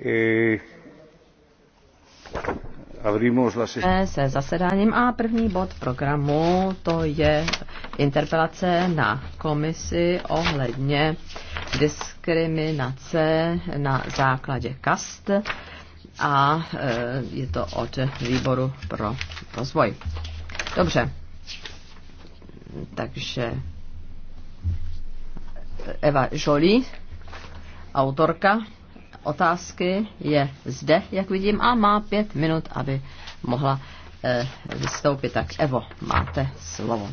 Eh, eh, se zasedáním a první bod programu to je interpelace na komisi ohledně diskriminace na základě kast a eh, je to od výboru pro rozvoj. Dobře, takže Eva Jolie, autorka otázky je zde, jak vidím, a má pět minut, aby mohla eh, vystoupit. Tak Evo, máte slovo.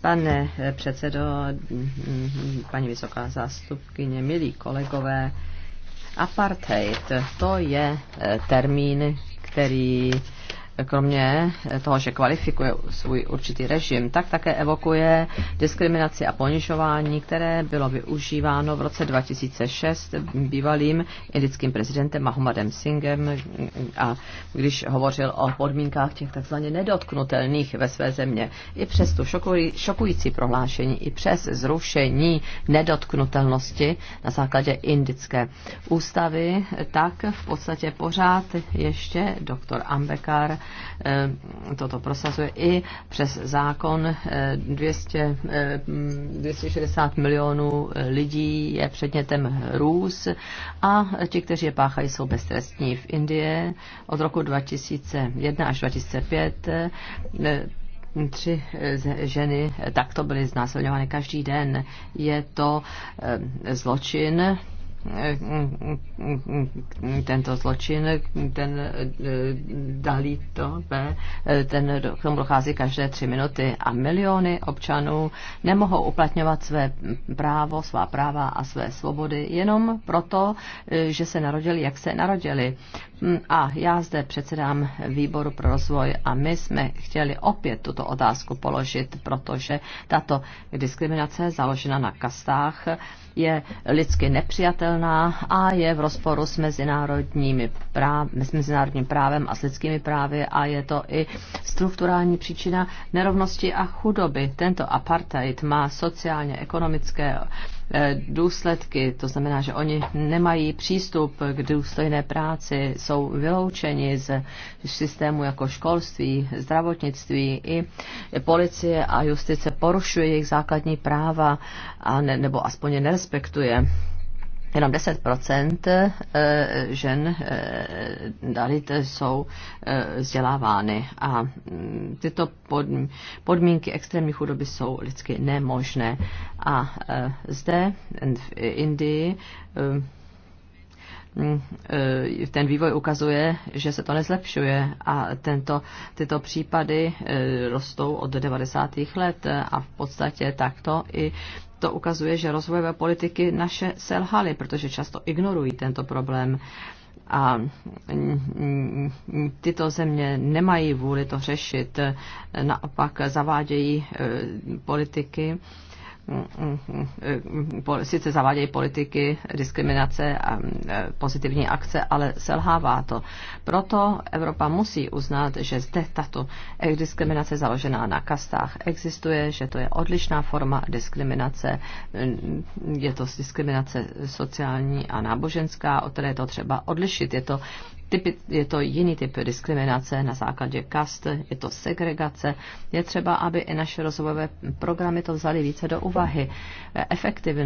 Pane eh, předsedo, mm, paní vysoká zástupkyně, milí kolegové, apartheid, to je eh, termín, který eh, kromě toho, že kvalifikuje svůj určitý režim, tak také evokuje diskriminaci a ponižování, které bylo využíváno v roce 2006 bývalým indickým prezidentem Mahomadem Singhem, a když hovořil o podmínkách těch takzvaně nedotknutelných ve své země. I přes tu šokující prohlášení, i přes zrušení nedotknutelnosti na základě indické ústavy, tak v podstatě pořád ještě doktor Ambekar Eh, toto prosazuje i přes zákon 200, eh, 260 eh, milionů lidí je předmětem růz a ti, kteří je páchají, jsou beztrestní. V Indii od roku 2001 až 2005 tři ženy takto byly znásilňovány každý den. Je to zločin, tento zločin, ten eh, dalí to, eh, ten k tomu dochází každé tři minuty a miliony občanů nemohou uplatňovat své právo, svá práva a své svobody jenom proto, eh, že se narodili, jak se narodili. Hm, a já zde předsedám výboru pro rozvoj a my jsme chtěli opět tuto otázku položit, protože tato diskriminace založena na kastách je lidsky nepřijatelná a je v rozporu s, mezinárodními práv, s mezinárodním právem a s lidskými právy a je to i strukturální příčina nerovnosti a chudoby. Tento apartheid má sociálně, ekonomické Eh, důsledky. To znamená, že oni nemají přístup k důstojné práci, jsou vyloučeni z systému jako školství, zdravotnictví i policie a justice porušuje jejich základní práva a ne, nebo aspoň je nerespektuje jenom 10% eh, žen eh, dalit jsou eh, vzdělávány a mm, tyto podmínky extrémní chudoby jsou lidsky nemožné. A zde v Indii mm, ten vývoj ukazuje, že se to nezlepšuje a tento, tyto případy rostou od 90. let a v podstatě takto i to ukazuje, že rozvojové politiky naše selhaly, protože často ignorují tento problém a mm, mm, tyto země nemají vůli to řešit, naopak zavádějí eh, politiky, sice zavádějí politiky diskriminace a e, pozitivní akce, ale selhává to. Proto Evropa musí uznat, že zde tato diskriminace založená na kastách existuje, že to je odlišná forma diskriminace. Je to diskriminace sociální a náboženská, o které je to třeba odlišit. Je to typy, je to jiný typ diskriminace na základě kast, je to segregace. Je třeba, aby i naše rozvojové programy to vzaly více do úvahy. Efektiv,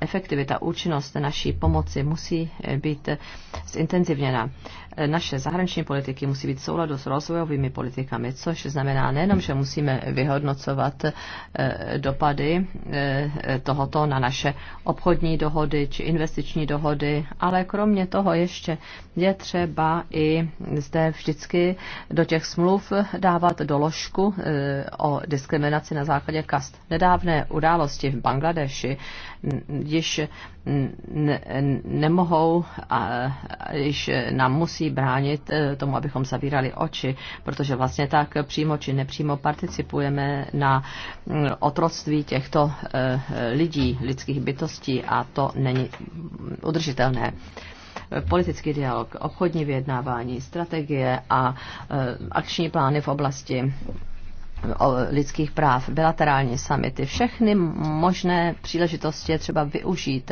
efektivita, účinnost naší pomoci musí být zintenzivněna naše zahraniční politiky musí být souladu s rozvojovými politikami, což znamená nejenom, že musíme vyhodnocovat eh, dopady eh, tohoto na naše obchodní dohody či investiční dohody, ale kromě toho ještě je třeba i zde vždycky do těch smluv dávat doložku eh, o diskriminaci na základě kast. Nedávné události v Bangladeši když ne, nemohou a již nám musí bránit e, tomu, abychom zavírali oči, protože vlastně tak přímo či nepřímo participujeme na otroctví těchto e, lidí, lidských bytostí a to není udržitelné politický dialog, obchodní vyjednávání, strategie a e, akční plány v oblasti lidských práv, bilaterální samity, všechny možné příležitosti je třeba využít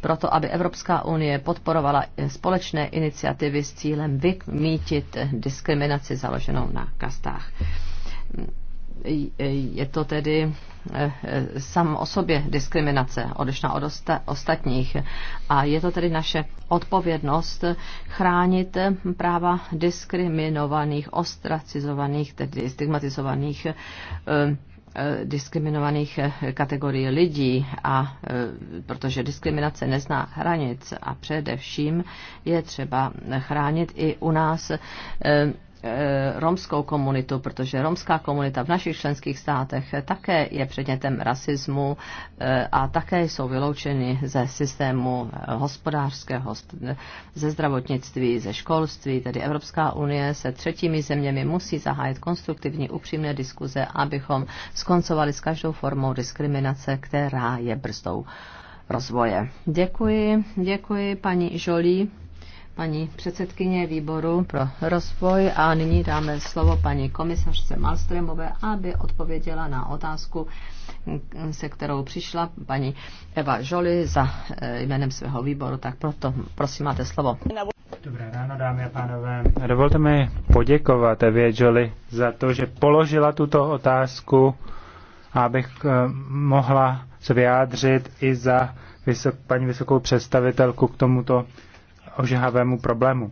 proto, aby Evropská unie podporovala společné iniciativy s cílem vymítit diskriminaci založenou na kastách je to tedy eh, eh, sam o sobě diskriminace, odlišná od ostatních. A je to tedy naše odpovědnost chránit práva diskriminovaných, ostracizovaných, tedy stigmatizovaných eh, diskriminovaných kategorií lidí, a, protože diskriminace nezná hranic a především je třeba chránit i u nás Eh, romskou komunitu, protože romská komunita v našich členských státech také je předmětem rasismu eh, a také jsou vyloučeny ze systému eh, hospodářského, ze zdravotnictví, ze školství. Tedy Evropská unie se třetími zeměmi musí zahájit konstruktivní upřímné diskuze, abychom skoncovali s každou formou diskriminace, která je brzdou rozvoje. Děkuji, děkuji paní Jolie paní předsedkyně výboru pro rozvoj a nyní dáme slovo paní komisařce Malstremové, aby odpověděla na otázku, se kterou přišla paní Eva Žoli za eh, jménem svého výboru, tak proto prosím máte slovo. Dobré ráno, dámy a pánové. Dovolte mi poděkovat Evě Žoli za to, že položila tuto otázku, abych eh, mohla se vyjádřit i za vysok, paní vysokou představitelku k tomuto ožahavému problému.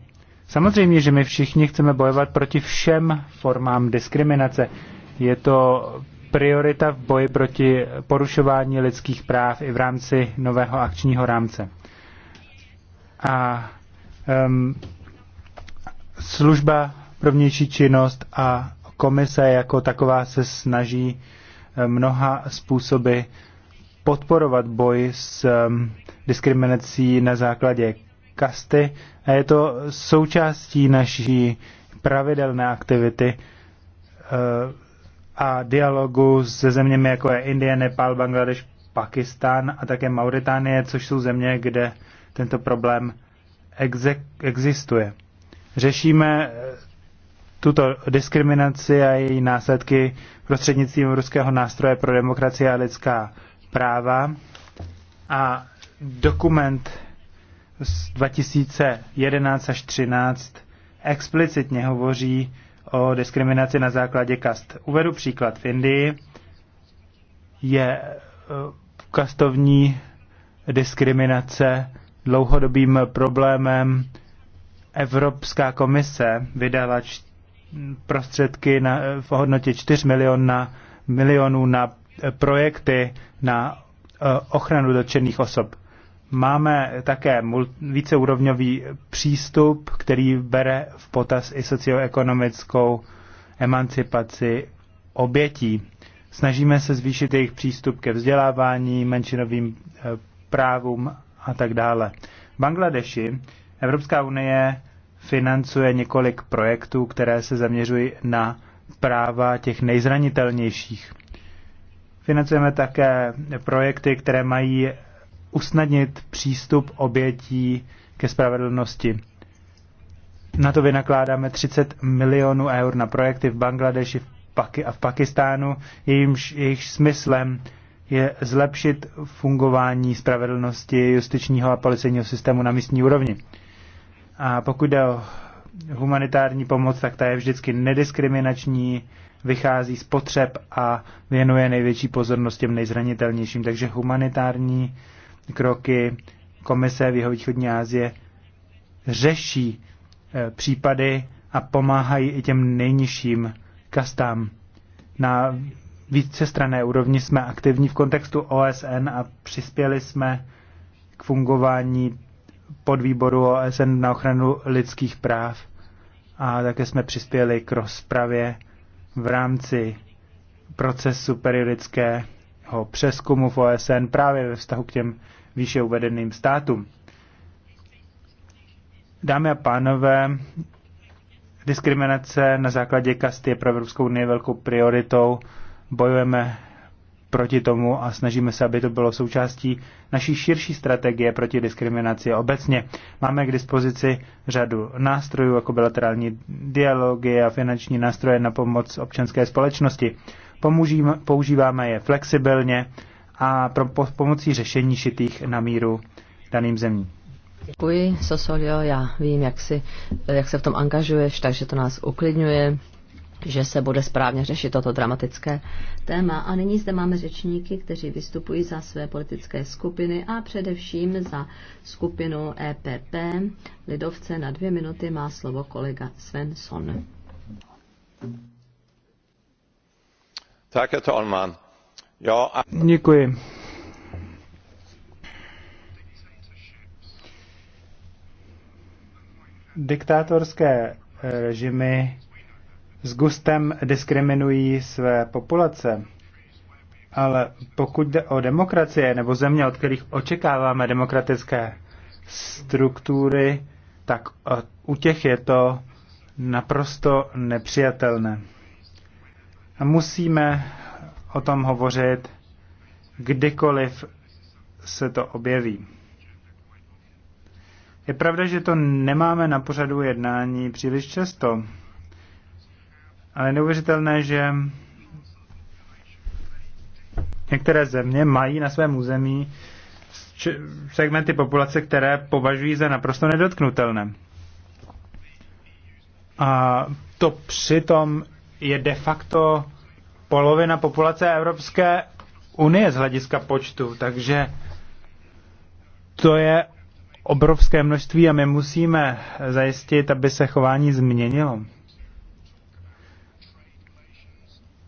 Samozřejmě, že my všichni chceme bojovat proti všem formám diskriminace. Je to priorita v boji proti porušování lidských práv i v rámci nového akčního rámce. A um, služba pro vnější činnost a komise jako taková se snaží mnoha způsoby podporovat boj s um, diskriminací na základě kasty a je to součástí naší pravidelné aktivity eh, a dialogu se zeměmi jako je Indie, Nepal, Bangladeš, Pakistán a také Mauritánie, což jsou země, kde tento problém existuje. Řešíme eh, tuto diskriminaci a její následky prostřednictvím ruského nástroje pro demokracii a lidská práva a dokument z 2011 až 13 explicitně hovoří o diskriminaci na základě kast. Uvedu příklad. V Indii je eh, kastovní diskriminace dlouhodobým problémem. Evropská komise vydala prostředky na, eh, v hodnotě 4 milion na, milionů na eh, projekty na ochranu dotčených osob. Máme také víceúrovňový přístup, který bere v potaz i socioekonomickou emancipaci obětí. Snažíme se zvýšit jejich přístup ke vzdělávání, menšinovým e, právům a tak dále. V Bangladeši Evropská unie financuje několik projektů, které se zaměřují na práva těch nejzranitelnějších. Financujeme také projekty, které mají usnadnit přístup obětí ke spravedlnosti. Na to vynakládáme 30 milionů eur na projekty v Bangladeši a v Pakistánu, jejímž, jejich smyslem je zlepšit fungování spravedlnosti justičního a policejního systému na místní úrovni. A pokud jde o humanitární pomoc, tak ta je vždycky nediskriminační, vychází z potřeb a věnuje největší pozornost těm nejzranitelnějším. Takže humanitární kroky Komise v jeho východní Asie řeší eh, případy a pomáhají i těm nejnižším kastám. Na vícestrané úrovni jsme aktivní v kontextu OSN a přispěli jsme k fungování podvýboru OSN na ochranu lidských práv a také jsme přispěli k rozpravě v rámci procesu periodické přeskumu v OSN právě ve vztahu k těm výše uvedeným státům. Dámy a pánové, diskriminace na základě kasty je pro Evropskou unii velkou prioritou. Bojujeme proti tomu a snažíme se, aby to bylo součástí naší širší strategie proti diskriminaci obecně. Máme k dispozici řadu nástrojů, jako bilaterální dialogy a finanční nástroje na pomoc občanské společnosti používáme je flexibilně a pro, po, pomocí řešení šitých na míru daným zemím. Děkuji, Sosolio, já vím, jak, si, jak se v tom angažuješ, takže to nás uklidňuje, že se bude správně řešit toto dramatické téma. A nyní zde máme řečníky, kteří vystupují za své politické skupiny a především za skupinu EPP. Lidovce na dvě minuty má slovo kolega Svensson herr talman! Děkuji. Diktátorské eh, režimy s gustem diskriminují své populace, ale pokud jde o demokracie nebo země, od kterých očekáváme demokratické struktury, tak eh, u těch je to naprosto nepřijatelné. Musíme o tom hovořit, kdykoliv se to objeví. Je pravda, že to nemáme na pořadu jednání příliš často, ale neuvěřitelné, že některé země mají na svém území segmenty populace, které považují za naprosto nedotknutelné. A to přitom je de facto polovina populace Evropské unie z hlediska počtu, takže to je obrovské množství a my musíme zajistit, aby se chování změnilo.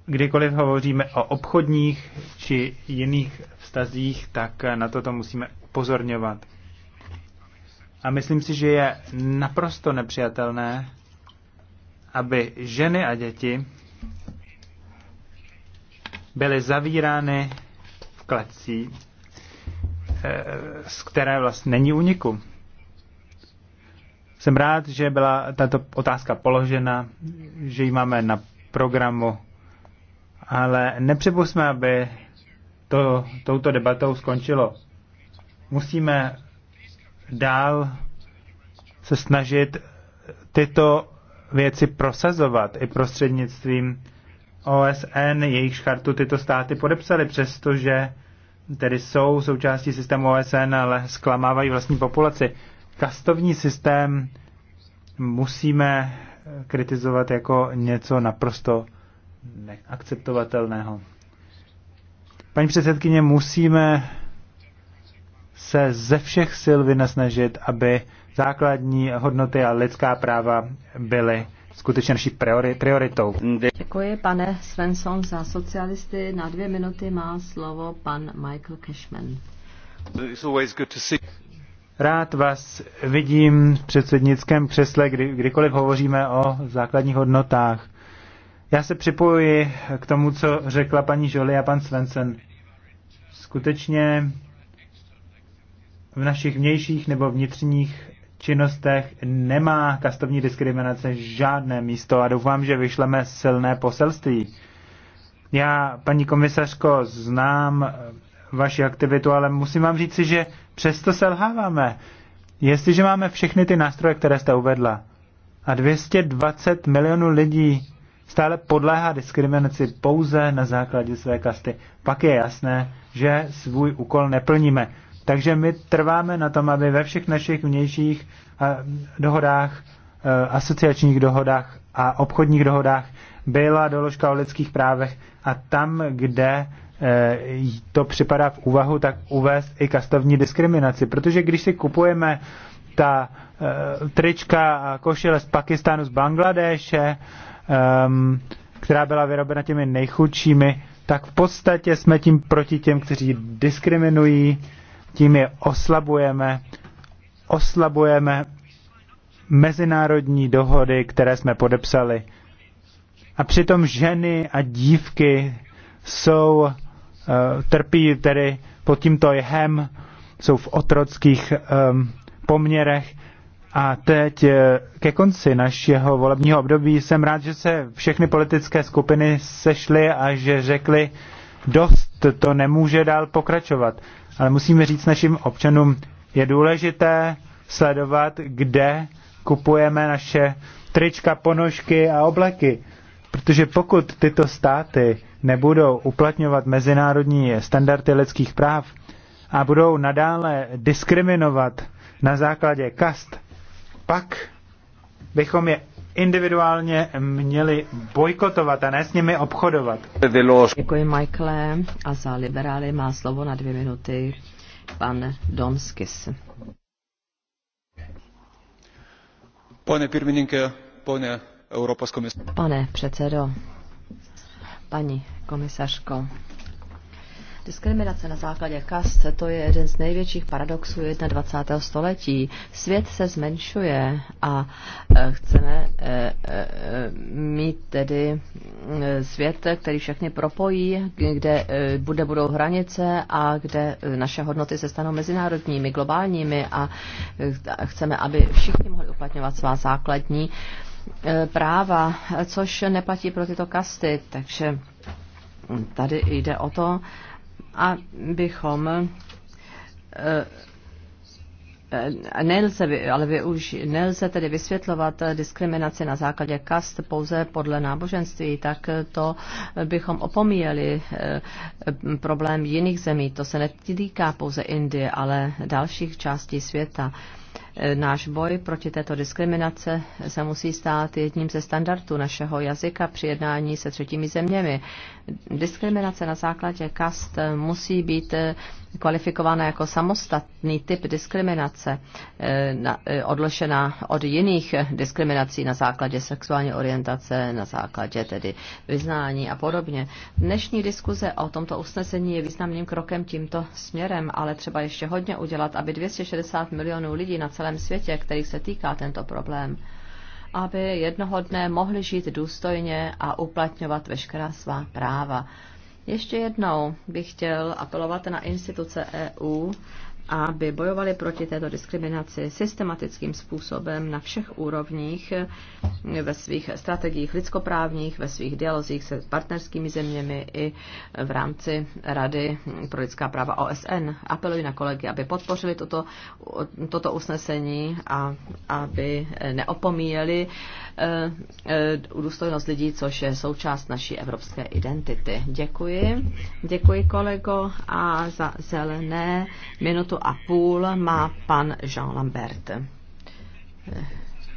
Kdykoliv hovoříme o obchodních či jiných vztazích, tak na toto musíme upozorňovat. A myslím si, že je naprosto nepřijatelné, aby ženy a děti byly zavírány v klecí, eh, z které vlastně není úniku. Jsem rád, že byla tato otázka položena, že ji máme na programu, ale nepřipustme, aby to touto debatou skončilo. Musíme dál se snažit tyto věci prosazovat i prostřednictvím OSN, jejich chartu tyto státy podepsaly, přestože tedy jsou součástí systému OSN, ale zklamávají vlastní populaci. Kastovní systém musíme kritizovat jako něco naprosto neakceptovatelného. Paní předsedkyně, musíme se ze všech sil vynasnažit, aby základní hodnoty a lidská práva byly skutečně naší prioritou. Děkuji, pane Svensson, za socialisty. Na dvě minuty má slovo pan Michael Cashman. Rád vás vidím v předsednickém křesle, kdy, kdykoliv hovoříme o základních hodnotách. Já se připojuji k tomu, co řekla paní Jolie a pan Svensson. Skutečně v našich vnějších nebo vnitřních činnostech nemá kastovní diskriminace žádné místo a doufám, že vyšleme silné poselství. Já, paní komisařko, znám vaši aktivitu, ale musím vám říci, že přesto selháváme. Jestliže máme všechny ty nástroje, které jste uvedla, a 220 milionů lidí stále podléhá diskriminaci pouze na základě své kasty, pak je jasné, že svůj úkol neplníme. Takže my trváme na tom, aby ve všech našich vnějších eh, dohodách, eh, asociačních dohodách a obchodních dohodách byla doložka o lidských právech a tam, kde eh, to připadá v úvahu, tak uvést i kastovní diskriminaci. Protože když si kupujeme ta trička a košile z Pakistánu, z Bangladéše, ehm, která byla vyrobena těmi nejchudšími, tak v podstatě jsme tím proti těm, kteří diskriminují tím je oslabujeme, oslabujeme mezinárodní dohody, které jsme podepsali. A přitom ženy a dívky jsou, eh, trpí tedy pod tímto jehem, jsou v otrockých ehm, poměrech. A teď eh, ke konci našeho volebního období jsem rád, že se všechny politické skupiny sešly a že řekly, dost to nemůže dál pokračovat ale musíme říct našim občanům, je důležité sledovat, kde kupujeme naše trička, ponožky a obleky. Protože pokud tyto státy nebudou uplatňovat mezinárodní standardy lidských práv a budou nadále diskriminovat na základě kast, pak bychom je individuálně měli bojkotovat a ne s nimi obchodovat. Děkuji, Michaele. A za liberály má slovo na dvě minuty pan Donskis. Pane pirmininke, pane Europas komisař. Pane předsedo, paní komisařko, Diskriminace na základě kast, to je jeden z největších paradoxů 21. století. Svět se zmenšuje a e, chceme e, e, mít tedy svět, který všechny propojí, kde bude budou hranice a kde naše hodnoty se stanou mezinárodními, globálními a chceme, aby všichni mohli uplatňovat svá základní práva, což neplatí pro tyto kasty, takže tady jde o to, abychom eh, eh, Nelze, ale už nelze tedy vysvětlovat diskriminaci na základě kast pouze podle náboženství, tak to bychom opomíjeli eh, problém jiných zemí. To se netýká pouze Indie, ale dalších částí světa. E, náš boj proti této diskriminace se musí stát jedním ze standardů našeho jazyka při jednání se třetími zeměmi. Diskriminace na základě kast musí být e, kvalifikovaná jako samostatný typ diskriminace, eh, eh, odložená od jiných diskriminací na základě sexuální orientace, na základě tedy vyznání a podobně. Dnešní diskuze o tomto usnesení je významným krokem tímto směrem, ale třeba ještě hodně udělat, aby 260 milionů lidí na celém světě, kterých se týká tento problém, aby jednoho dne mohli žít důstojně a uplatňovat veškerá svá práva. Ještě jednou bych chtěl apelovat na instituce EU, aby bojovali proti této diskriminaci systematickým způsobem na všech úrovních ve svých strategiích lidskoprávních, ve svých dialozích se partnerskými zeměmi i v rámci Rady pro lidská práva OSN. Apeluji na kolegy, aby podpořili toto, toto usnesení a aby neopomíjeli eh, eh, důstojnost lidí, což je součást naší evropské identity. Děkuji. Děkuji kolego a za zelené minutu a půl má pan Jean Lambert. Eh,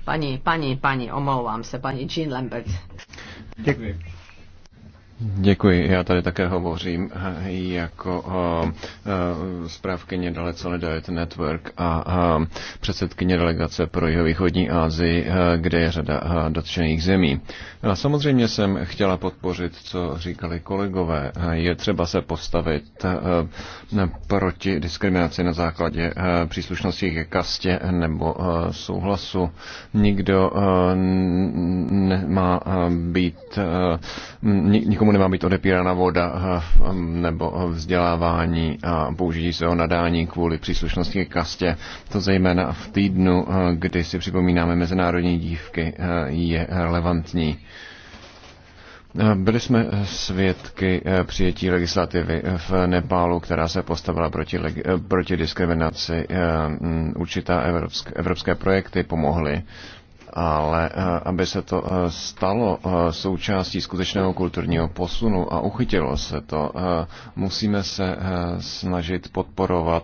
paní, paní, paní, omlouvám se, paní Jean Lambert. Děkuji. Děkuji. Já tady také hovořím eh, jako zprávkyně eh, Dale Solidarity Network a eh, předsedkyně delegace pro jihovýchodní Asii, kde je řada dotčených zemí. samozřejmě jsem chtěla podpořit, co říkali kolegové. Je třeba se postavit proti diskriminaci na základě příslušnosti ke kastě nebo souhlasu. Nikdo nemá být, nikomu nemá být odepírána voda eh, eh, nebo eh, vzdělávání a použití svého nadání kvůli příslušnosti k kastě. To zejména v týdnu, kdy si připomínáme mezinárodní dívky, je relevantní. Byli jsme svědky přijetí legislativy v Nepálu, která se postavila proti, proti diskriminaci. Určitá evropské, evropské projekty pomohly ale eh, aby se to eh, stalo eh, součástí skutečného kulturního posunu a uchytilo se to, musíme se snažit podporovat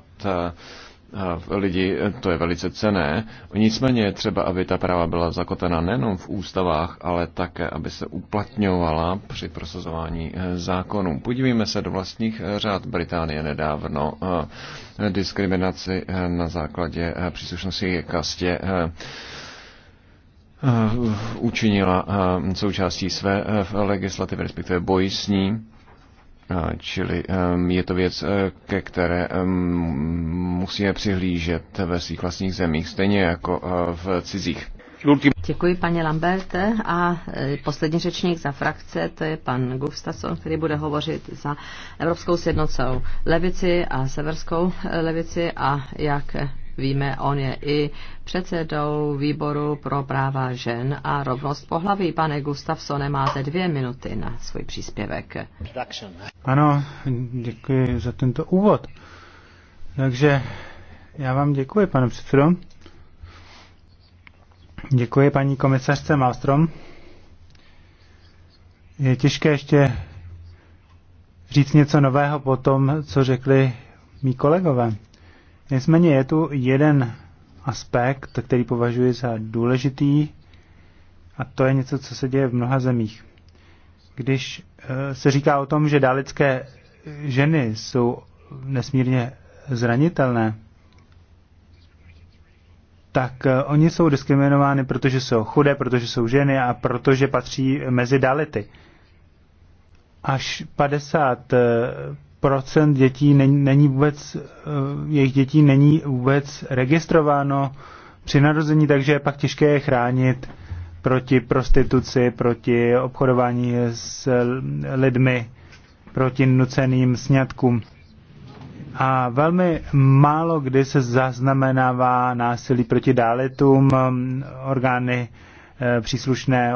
lidi, to je velice cené. Nicméně je třeba, aby ta práva byla zakotena nejenom v ústavách, ale také, aby se uplatňovala při prosazování zákonů. Podívejme se do vlastních řád Británie nedávno. Diskriminaci na základě příslušnosti kastě Eh, učinila eh, součástí své eh, legislativy, respektive boji s ní. Čili je to věc, ke které musíme přihlížet ve svých vlastních zemích, stejně jako v cizích. Děkuji, paní Lamberte. A poslední řečník za frakce, to je pan Gustafsson, který bude hovořit za Evropskou sjednocou levici a severskou levici a jak víme, on je i předsedou výboru pro práva žen a rovnost pohlaví. Pane Gustafsone, máte dvě minuty na svůj příspěvek. Ano, děkuji za tento úvod. Takže já vám děkuji, pane předsedo. Děkuji paní komisařce Malstrom. Je těžké ještě říct něco nového po tom, co řekli mý kolegové. Nicméně je tu jeden aspekt, který považuji za důležitý, a to je něco, co se děje v mnoha zemích. Když eh, se říká o tom, že dalické ženy jsou nesmírně zranitelné, tak eh, oni jsou diskriminovány, protože jsou chudé, protože jsou ženy a protože patří mezi dality. Až 50 procent dětí není, není vůbec, eh, jejich dětí není vůbec registrováno při narození, takže je pak těžké je chránit proti prostituci, proti obchodování s lidmi, proti nuceným sňatkům. A velmi málo kdy se zaznamenává násilí proti dálitům. Orgány eh, příslušné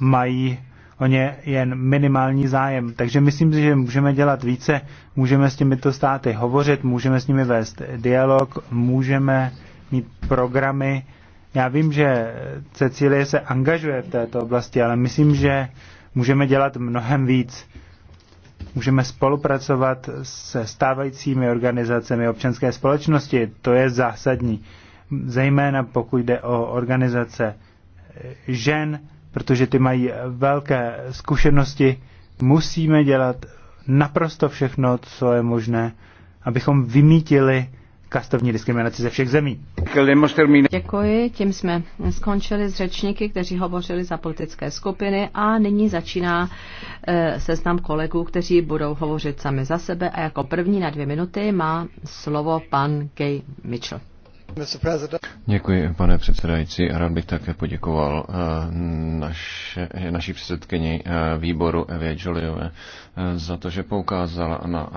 mají o ně jen minimální zájem. Takže myslím si, že můžeme dělat více, můžeme s těmito státy hovořit, můžeme s nimi vést dialog, můžeme mít programy. Já vím, že Cecílie se angažuje v této oblasti, ale myslím, že můžeme dělat mnohem víc. Můžeme spolupracovat se stávajícími organizacemi občanské společnosti, to je zásadní, zejména pokud jde o organizace žen, protože ty mají velké zkušenosti. Musíme dělat naprosto všechno, co je možné, abychom vymítili kastovní diskriminaci ze všech zemí. Děkuji, tím jsme skončili s řečníky, kteří hovořili za politické skupiny a nyní začíná e, seznam kolegů, kteří budou hovořit sami za sebe a jako první na dvě minuty má slovo pan Gay Mitchell. Děkuji, pane předsedající. Rád bych také poděkoval eh, naše, naší předsedkyni eh, výboru Evě Joliové eh, za to, že poukázala na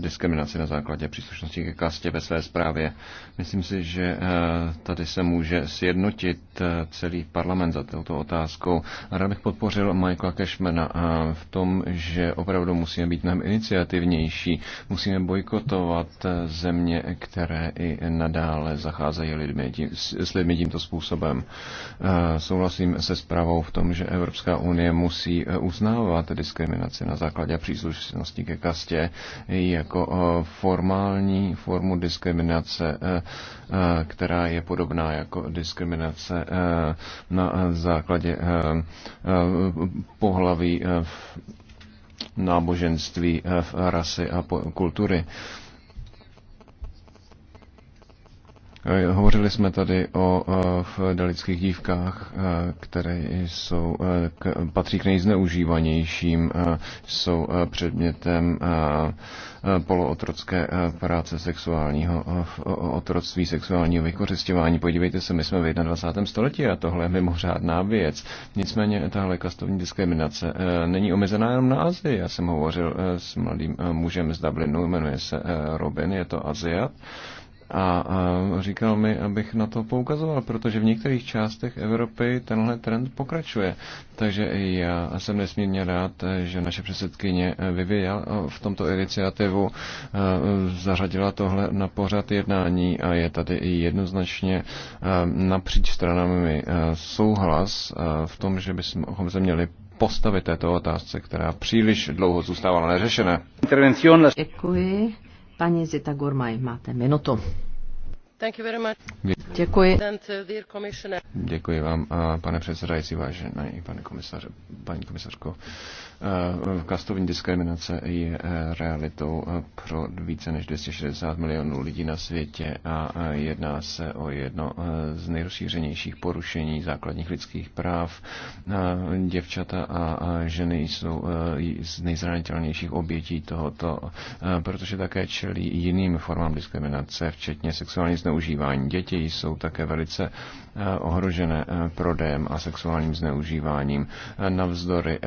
diskriminaci na základě příslušnosti ke kastě ve své zprávě. Myslím si, že tady se může sjednotit celý parlament za touto otázkou. Rád bych podpořil Michaela Cashmana v tom, že opravdu musíme být mnohem iniciativnější, musíme bojkotovat země, které i nadále ale zacházejí lidmi, tím, s lidmi tímto způsobem. Eh, souhlasím se zprávou v tom, že Evropská unie musí eh, uznávat diskriminaci na základě příslušnosti ke kastě jako eh, formální formu diskriminace, která je podobná jako diskriminace na základě pohlaví v náboženství, v rasy a kultury. Eh, hovořili jsme tady o eh, dalických dívkách, eh, které jsou, patří k nejzneužívanějším, jsou předmětem polootrocké práce sexuálního otroctví, sexuálního vykořišťování. Podívejte se, my jsme v 21. století a tohle je mimořádná věc. Nicméně tahle kastovní diskriminace není omezená jenom na Azii. Já jsem hovořil s mladým mužem z Dublinu, jmenuje se Robin, je to Aziat a, říkal mi, abych na to poukazoval, protože v některých částech Evropy tenhle trend pokračuje. Takže já jsem nesmírně rád, že naše předsedkyně vyvíjela eh, v tomto iniciativu, eh, zařadila tohle na pořad jednání a je tady i jednoznačně eh, napříč stranami souhlas v tom, že bychom se měli postavit této otázce, která příliš dlouho zůstávala neřešená. Děkuji. Paní Zita Gurmaj, máte minutu. Uh, Děkuji. vám, pane předsedající, vážený pane komisař, paní komisařko. Uh, kastovní diskriminace je uh, realitou pro více než 260 milionů lidí na světě a jedná se o jedno z nejrozšířenějších porušení základních lidských práv. Děvčata a ženy jsou z nejzranitelnějších obětí tohoto, protože také čelí jiným formám diskriminace, včetně sexuální zneužívání zneužívání. Děti jsou také velice eh, ohrožené eh, prodejem a sexuálním zneužíváním eh, navzdory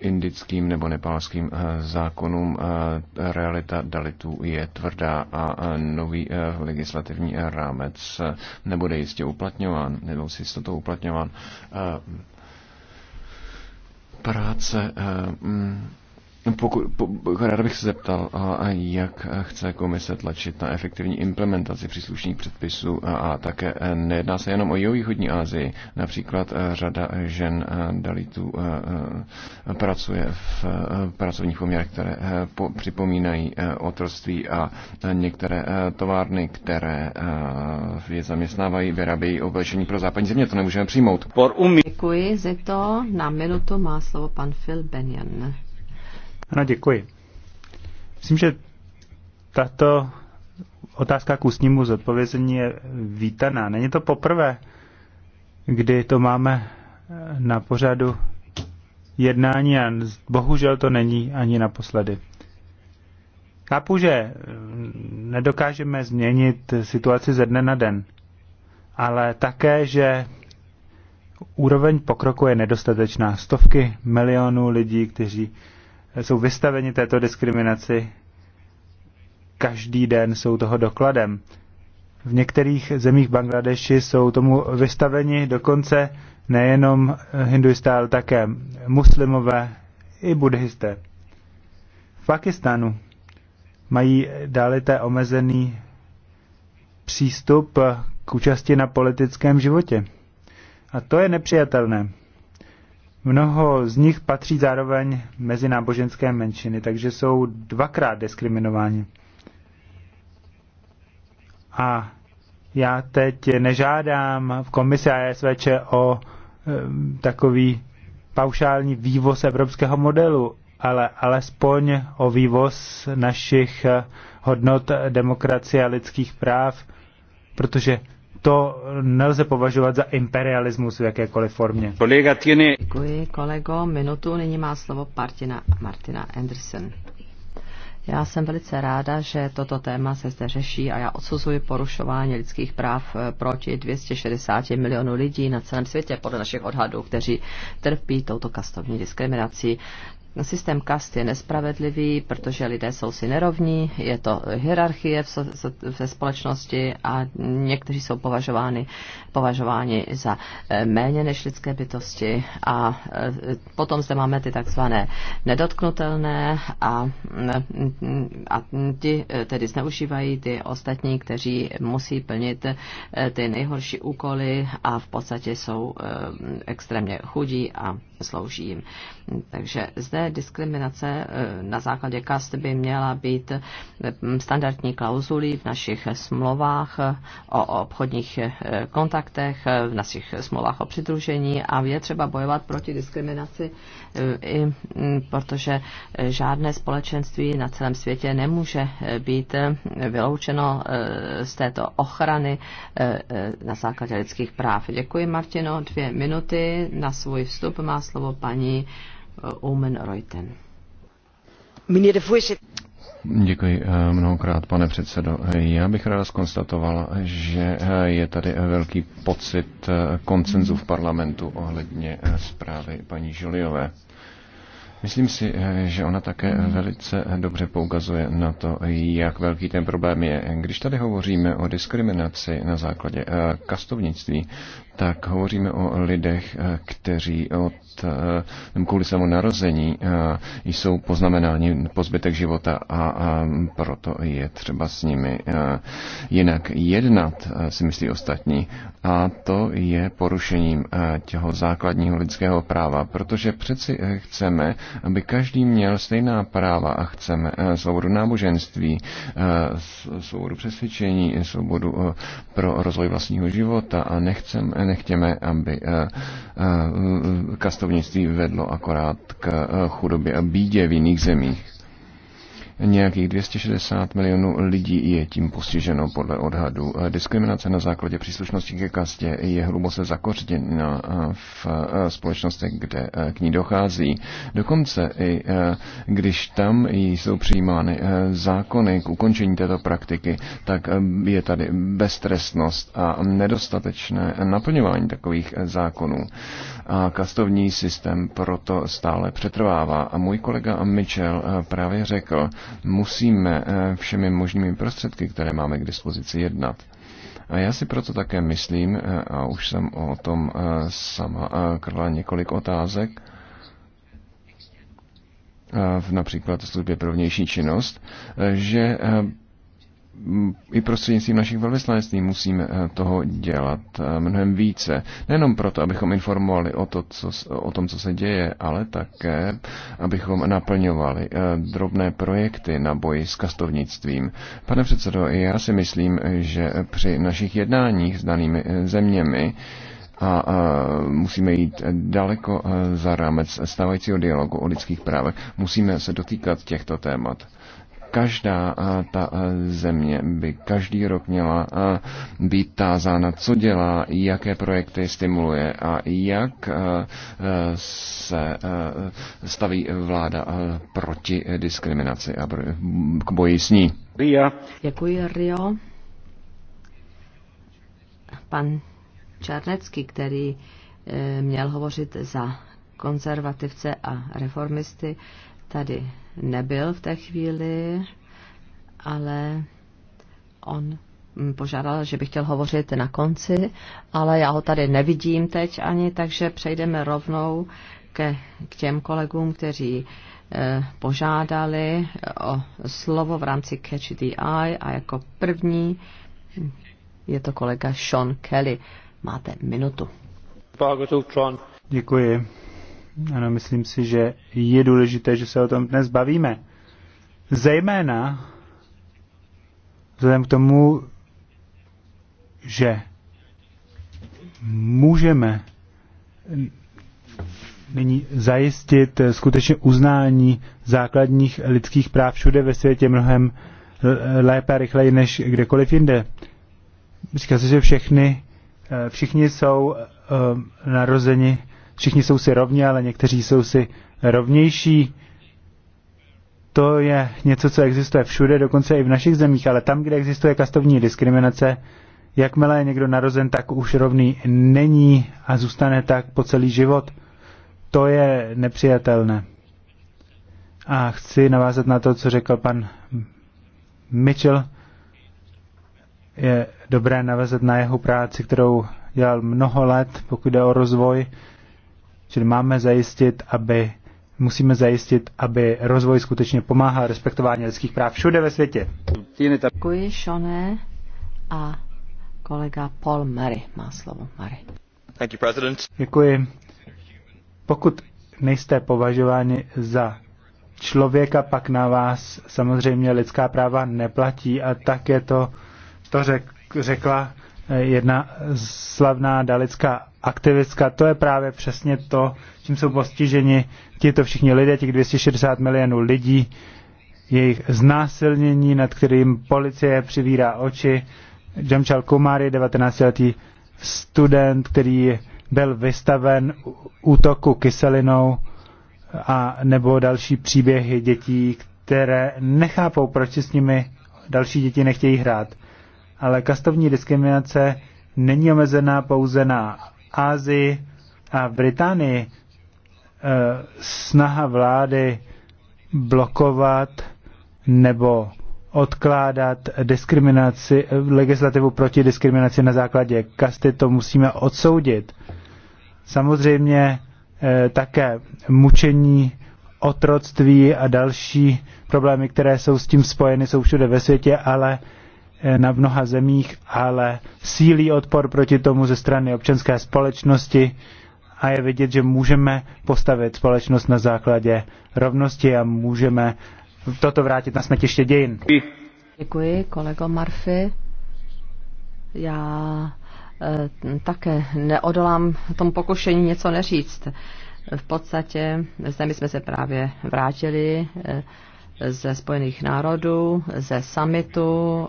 indickým nebo nepálským zákonům realita dalitů je tvrdá a nový legislativní rámec nebude jistě uplatňován, nebo s jistotou uplatňován. Práce mm, No, poku, po, jako rád bych se zeptal, a jak chce komise tlačit na efektivní implementaci příslušných předpisů a, a také e, nejedná se jenom o jihovýchodní Asii. Například e, řada žen e, dalitů pracuje v pracovních poměrech, které po, připomínají otroství a některé továrny, které je zaměstnávají, vyrábějí oblečení pro západní země. To nemůžeme přijmout. Děkuji, to. Na minutu má slovo pan Phil Benjen. Ano, děkuji. Myslím, že tato otázka k ústnímu zodpovězení je vítaná. Není to poprvé, kdy to máme eh, na pořadu jednání a bohužel to není ani naposledy. Chápu, že eh, nedokážeme změnit situaci ze dne na den, ale také, že úroveň pokroku je nedostatečná. Stovky milionů lidí, kteří jsou vystaveni této diskriminaci každý den, jsou toho dokladem. V některých zemích Bangladeši jsou tomu vystaveni dokonce nejenom hinduisté, ale také muslimové i buddhisté. V Pakistanu mají dálité omezený přístup k účasti na politickém životě. A to je nepřijatelné. Mnoho z nich patří zároveň mezi náboženské menšiny, takže jsou dvakrát diskriminováni. A já teď nežádám v komisi ASVČ o e, takový paušální vývoz evropského modelu, ale alespoň o vývoz našich eh, hodnot demokracie a lidských práv, protože to nelze považovat za imperialismus v jakékoliv formě. Kolega Tiny. Děkuji, kolego. Minutu nyní má slovo Partina, Martina Anderson. Já jsem velice ráda, že toto téma se zde řeší a já odsuzuji porušování lidských práv eh, proti 260 milionů lidí na celém světě, podle našich odhadů, kteří trpí touto kastovní diskriminací. No, systém kast je nespravedlivý, protože lidé jsou si nerovní, je to hierarchie ve společnosti a někteří jsou považováni, považováni za eh, méně než lidské bytosti. A eh, potom zde máme ty takzvané nedotknutelné a, mm, a ti eh, tedy zneužívají ty ostatní, kteří musí plnit ty nejhorší úkoly a v podstatě jsou extrémně chudí a slouží jim. Takže zde té diskriminace eh, na základě kast by měla být eh, standardní klauzulí v našich smlouvách eh, o obchodních kontaktech, v našich smlouvách o přidružení a je třeba bojovat proti diskriminaci, i mm, protože žádné společenství na celém světě nemůže být vyloučeno z této ochrany na základě lidských práv. Děkuji, Martino. Dvě minuty na svůj vstup má slovo paní Eh, Omen Reuten. Děkuji eh, mnohokrát, pane předsedo. Já bych ráda skonstatoval, že eh, je tady velký pocit koncenzu v parlamentu ohledně zprávy paní Žoliové. Myslím si, že ona také velice dobře poukazuje na to, jak velký ten problém je. Když tady hovoříme o diskriminaci na základě kastovnictví, tak hovoříme o lidech, eh, kteří od eh, kvůli svému narození eh, jsou poznamenáni po zbytek života a proto je třeba s nimi jinak jednat, si myslí ostatní. A to je porušením těho základního lidského práva, protože přeci chceme, aby každý měl stejná práva a chceme svobodu náboženství, svobodu přesvědčení, svobodu pro rozvoj vlastního života a nechceme, nechtěme, aby eh, eh, kastovnictví vedlo akorát k eh, chudobě a bídě v jiných zemích. Nějakých 260 milionů lidí je tím postiženo podle odhadu. Diskriminace na základě příslušnosti ke kastě je hluboce zakořeněna v společnostech, kde k ní dochází. Dokonce i když tam jsou přijímány zákony k ukončení této praktiky, tak je tady beztrestnost a nedostatečné naplňování takových zákonů a kastovní systém proto stále přetrvává. A můj kolega Mitchell eh, právě řekl, musíme eh, všemi možnými prostředky, které máme k dispozici, jednat. A já si proto také myslím, eh, a už jsem o tom sama krla několik otázek, v například službě pro vnější činnost, že i prostřednictvím našich velvyslanectví musíme eh, toho dělat eh, mnohem více. Nejenom proto, abychom informovali o, to, co, o tom, co se děje, ale také, abychom naplňovali eh, drobné projekty na boji s kastovnictvím. Pane předsedo, já si myslím, že při našich jednáních s danými zeměmi a, musíme jít daleko za rámec stávajícího dialogu o lidských právech. Musíme se dotýkat těchto témat každá ta země by každý rok měla být tázána, co dělá, jaké projekty stimuluje a jak se staví vláda proti diskriminaci a k boji s ní. Ria. Děkuji, Rio. Pan Čarnecký, který e, měl hovořit za konzervativce a reformisty, tady nebyl v té chvíli, ale on mm, požádal, že bych chtěl hovořit na konci, ale já ho tady nevidím teď ani, takže přejdeme rovnou ke, k těm kolegům, kteří eh, požádali e, o slovo v rámci Catch the Eye a jako první je to kolega Sean Kelly. Máte minutu. Děkuji. Ano, myslím si, že je důležité, že se o tom dnes bavíme. Zejména vzhledem k tomu, že můžeme nyní zajistit skutečně uznání základních lidských práv všude ve světě mnohem lépe a rychleji než kdekoliv jinde. Říká se, že všechny, všichni jsou eh, narozeni všichni jsou si rovni, ale někteří jsou si rovnější. To je něco, co existuje všude, dokonce i v našich zemích, ale tam, kde existuje kastovní diskriminace, jakmile je někdo narozen, tak už rovný není a zůstane tak po celý život. To je nepřijatelné. A chci navázat na to, co řekl pan Mitchell. Je dobré navázat na jeho práci, kterou dělal mnoho let, pokud jde o rozvoj Čili máme zajistit, aby musíme zajistit, aby rozvoj skutečně pomáhal respektování lidských práv všude ve světě. Děkuji, Šoné. A kolega Paul Murray má slovo. Murray. Thank you, President. Děkuji. Pokud nejste považováni za člověka, pak na vás samozřejmě lidská práva neplatí a tak je to, to řek, řekla jedna slavná dalická aktivistka, to je právě přesně to, čím jsou postiženi tito všichni lidé, těch 260 milionů lidí, jejich znásilnění, nad kterým policie přivírá oči. Jamchal Kumari, 19-letý student, který byl vystaven útoku kyselinou a nebo další příběhy dětí, které nechápou, proč si s nimi další děti nechtějí hrát. Ale kastovní diskriminace není omezená pouze na Ázii a v Británii eh, snaha vlády blokovat nebo odkládat diskriminaci, legislativu proti diskriminaci na základě kasty, to musíme odsoudit. Samozřejmě eh, také mučení, otroctví a další problémy, které jsou s tím spojeny, jsou všude ve světě, ale Eh, na mnoha zemích, ale sílí odpor proti tomu ze strany občanské společnosti a je vidět, že můžeme postavit společnost na základě rovnosti a můžeme toto vrátit na smetiště dějin. Děkuji, kolego Marfy. Já e, také neodolám tomu pokušení něco neříct. V podstatě zde my jsme se právě vrátili e, ze Spojených národů, ze summitu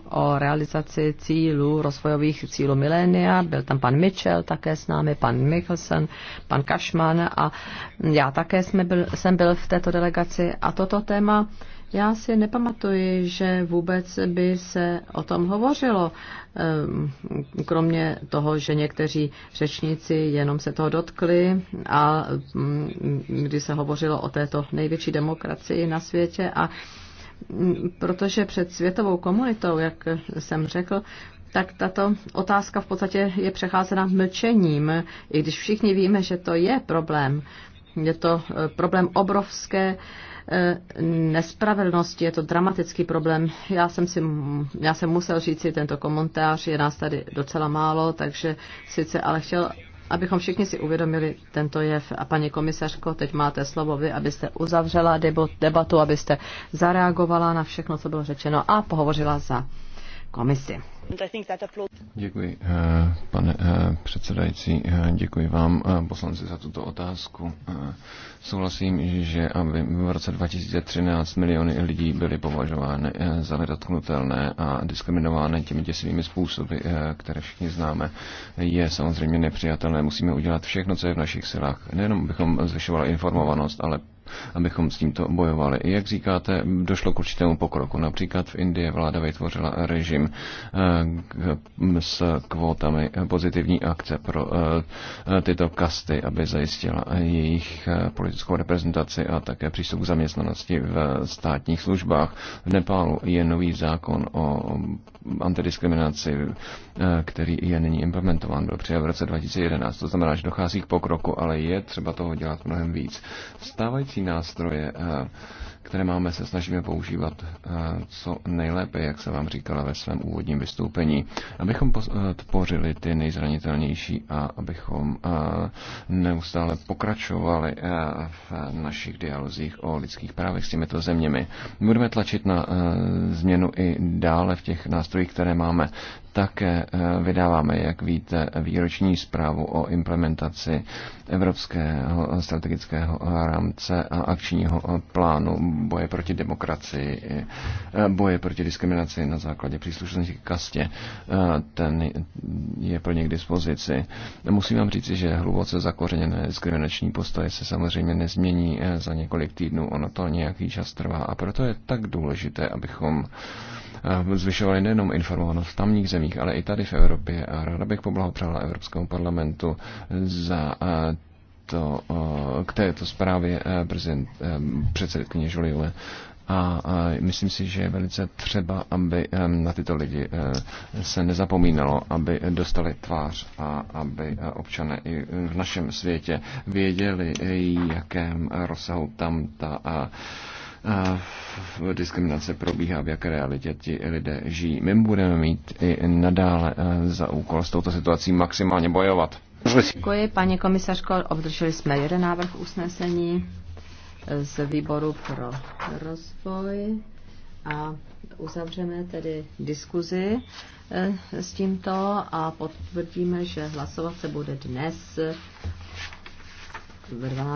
o realizaci cílů, rozvojových cílů milénia. Byl tam pan Mitchell také s námi, pan Michelson, pan Kašman a já také jsme byl, jsem byl v této delegaci a toto téma já si nepamatuji, že vůbec by se o tom hovořilo, ehm, kromě toho, že někteří řečníci jenom se toho dotkli a mm, kdy se hovořilo o této největší demokracii na světě a mm, protože před světovou komunitou, jak jsem řekl, tak tato otázka v podstatě je přecházena mlčením, i když všichni víme, že to je problém. Je to eh, problém obrovské nespravedlnosti, je to dramatický problém. Já jsem, si, já jsem musel říct si tento komentář, je nás tady docela málo, takže sice ale chtěl abychom všichni si uvědomili tento jev. A paní komisařko, teď máte slovo vy, abyste uzavřela debatu, abyste zareagovala na všechno, co bylo řečeno a pohovořila za komisi. Děkuji, eh, pane eh, předsedající. Eh, děkuji vám, poslanci, za tuto otázku. Souhlasím, že aby v roce 2013 miliony lidí byly považovány za nedotknutelné a diskriminovány těmi děsivými způsoby, které všichni známe, je samozřejmě nepřijatelné. Musíme udělat všechno, co je v našich silách. Nejenom bychom zvyšovali informovanost, ale abychom s tímto bojovali. Jak říkáte, došlo k určitému pokroku. Například v Indii vláda vytvořila režim eh, s kvótami pozitivní akce pro eh, tyto kasty, aby zajistila jejich eh, politickou reprezentaci a také přístup k zaměstnanosti v státních službách. V Nepálu je nový zákon o antidiskriminaci, který je nyní implementován, byl přijat v roce 2011. To znamená, že dochází k pokroku, ale je třeba toho dělat mnohem víc. Stávající stávající nástroje, eh, které máme, se snažíme používat eh, co nejlépe, jak se vám říkala ve svém úvodním vystoupení, abychom podpořili ty nejzranitelnější a abychom eh, neustále pokračovali v našich dialozích o lidských právech s těmito zeměmi. Budeme tlačit na změnu i dále v těch nástrojích, které máme také eh, vydáváme, jak víte, výroční zprávu o implementaci Evropského strategického rámce a akčního eh, plánu boje proti demokracii, eh, boje proti diskriminaci na základě příslušnosti k kastě. Ten je plně k dispozici. Musím vám říct, že hluboce zakořeněné diskriminační postoje se samozřejmě nezmění za několik týdnů. Ono to nějaký čas trvá a proto je tak důležité, abychom Eh, zvyšovali nejenom informovanost v tamních zemích, ale i tady v Evropě. A ráda bych poblahopřála Evropskému parlamentu za eh, to, eh, k této zprávě prezident, předsedkyně Žuliové a, myslím si, že je velice třeba, aby na tyto lidi se nezapomínalo, aby dostali tvář a aby občané i v našem světě věděli, jakém rozsahu tam ta diskriminace probíhá, v jaké realitě ti lidé žijí. My budeme mít i nadále e, za úkol s touto situací maximálně bojovat. Děkuji, paní komisařko. Obdrželi jsme jeden návrh usnesení e, z výboru pro rozvoj a uzavřeme tedy diskuzi e, s tímto a potvrdíme, že hlasovat se bude dnes v 12.